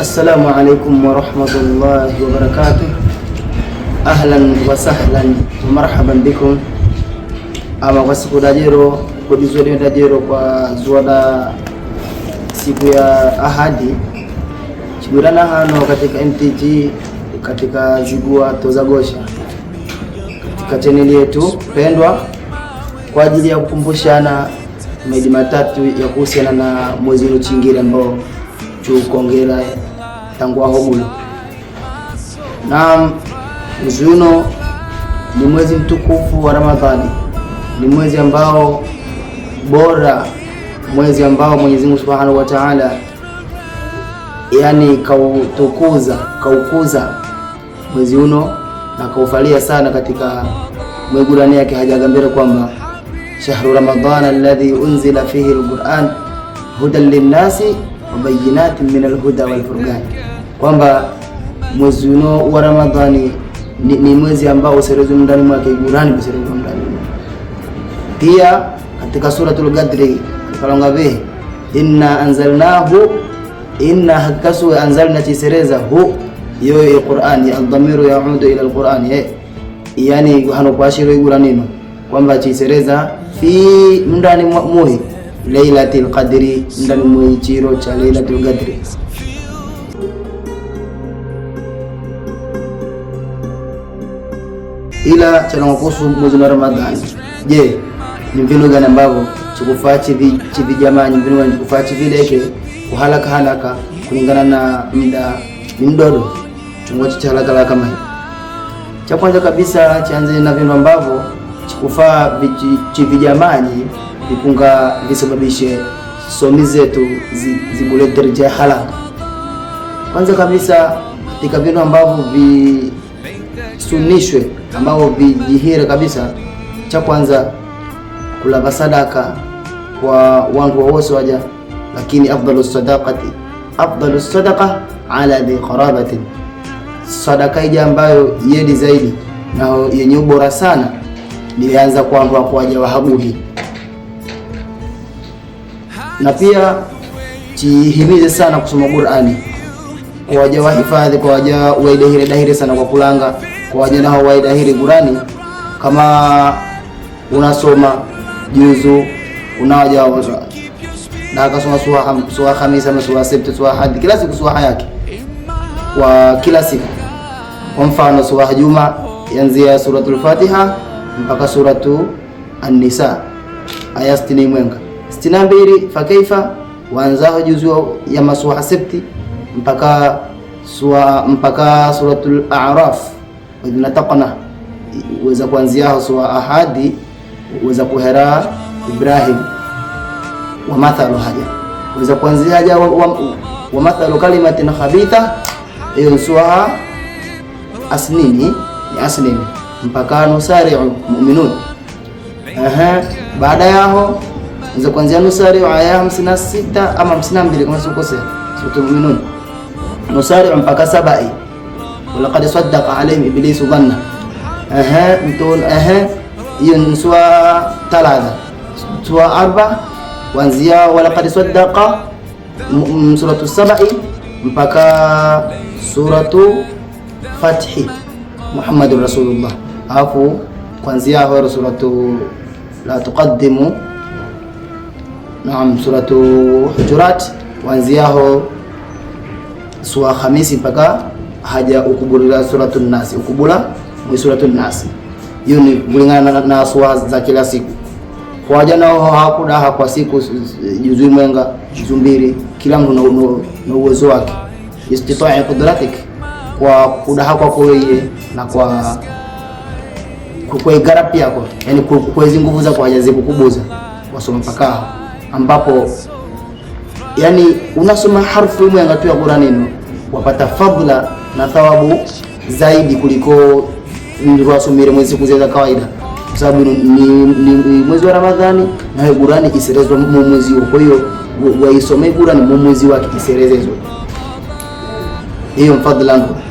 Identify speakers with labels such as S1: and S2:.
S1: Assalamu alaikum warahmatullahi wabarakatuh. Ahlan wa sahlan wa marhaban bikum. Ama kwa siku dajero kodizoni dajero kwa zuwada siku ya ahadi chigurana hano katika MTG katika zigua tozagosha katika chaneli yetu pendwa kwa ajili ya kukumbushana maidi matatu ya kuhusiana na mwezi uliochingira ambao chukongera tangu ahogulu. Naam, mwezi uno ni mwezi mtukufu wa Ramadhani, ni mwezi ambao bora, mwezi ambao Mwenyezi Mungu Subhanahu wa Ta'ala yani kautukuza, kaukuza mwezi uno na kaufalia sana katika mwegurani yake hajagambira kwamba shahru ramadan aladhi unzila fihi lquran hudan linnasi wabayinati min alhuda walfurqani, kwamba mwezi uno wa Ramadhani ni, ni mwezi ambao usereze ndani mwake Qur'ani kuserezuni ndani pia katika suratul Qadri kalonga ve inna anzalnahu inna hakasu anzalna chisereza hu yoyo Qur'ani adhamiru yaudu ila alqur'ani eh yani hano kwashiro Qur'ani kwamba chisereza fi ndani muhi laylatil Qadri ndan mwa chiro cha laylatil Qadri. Ila chanakuhusu mwezi wa Ramadhani, je, ni vinu gani ambavyo chikufaa chivi jamaa ni vinu gani chikufaa chivileke kuhalaka halaka kulingana na mda ni mdodo chunguachi cha haraka haraka kama hivi. Cha kwanza kabisa, chanze na vinu ambavyo chikufaa chivijamani ikunga visababishe somi zetu zikuletere hala. Kwanza kabisa katika vitu ambavyo visunishwe ambavyo vijihire kabisa, cha kwanza kulava sadaka kwa wantu wawose waja, lakini afdalu sadaqati afdalu sadaqa ala dhi qarabati, sadaka ija ambayo yedi zaidi na yenye ubora sana nilianza kwa wantu wakuwaja wahabuhi na pia jihimize sana kusoma Qur'ani kwa waja wahifadhi, kwa waja waidahiri dahiri sana kwa kulanga, kwa waja nao waidahiri Qur'ani. Kama unasoma juzu unawaja na akasoma sura hamisi na sura sita sura hadi kila siku sura yake kwa kila siku, kwa mfano sura juma yanzia suratul Fatiha mpaka suratu An-Nisa aya 60 mwenga 62 fakaifa wanzaho juzu ya masuha septi mpaka sura mpaka suratul A'raf nataqna weza kuanzia sura ahadi weza kuhera Ibrahim wa mathalu haja weza kuanzia haja wa, wa, wa mathalu kalimatin khabitha hiyo sura asnini ni asnini mpaka nusari'u mu'minun. Aha, baada yaho Anza kuanzia nusari wa aya 56 ama 52 kama sikose. Sura Muminun. Nusari mpaka sabai. Walaqad saddaqa alaihim iblisu dhanna. Aha, mtun aha. Hiyo ni sura talada Sura arba kuanzia walaqad saddaqa suratu sabai mpaka suratu fathi Muhammadur Rasulullah. Aku kuanzia hapo suratu la tuqaddimu Naam, suratu Hujurat kuanziaho sura hamisi mpaka haja ukubula suratu Nasi, ukubula suratu Nasi. Hiyo ni kulingana na, na sura za kila siku kwa wajanao hawakudaha kwa siku eh, juzui mwenga juzu mbili, kila mtu na uwezo wake, istitaa ya kudratik kwa kudaha kwa wewe na kwa kwa igarapi yako, yani kwa nguvu za kwa hajazi kukubuza wasoma mpaka ambapo yani unasoma harfu imwe ngatu ya ino wapata fadhila na thawabu zaidi kuliko wasomere mwezi kuzeza kawaida, kwa sababu ni, ni, ni mwezi wa Ramadhani nayo Qur'an iserezwa mu mwezi huo. Kwa hiyo waisome Qur'an mu mwezi wake iserezwe, hiyo mfadhila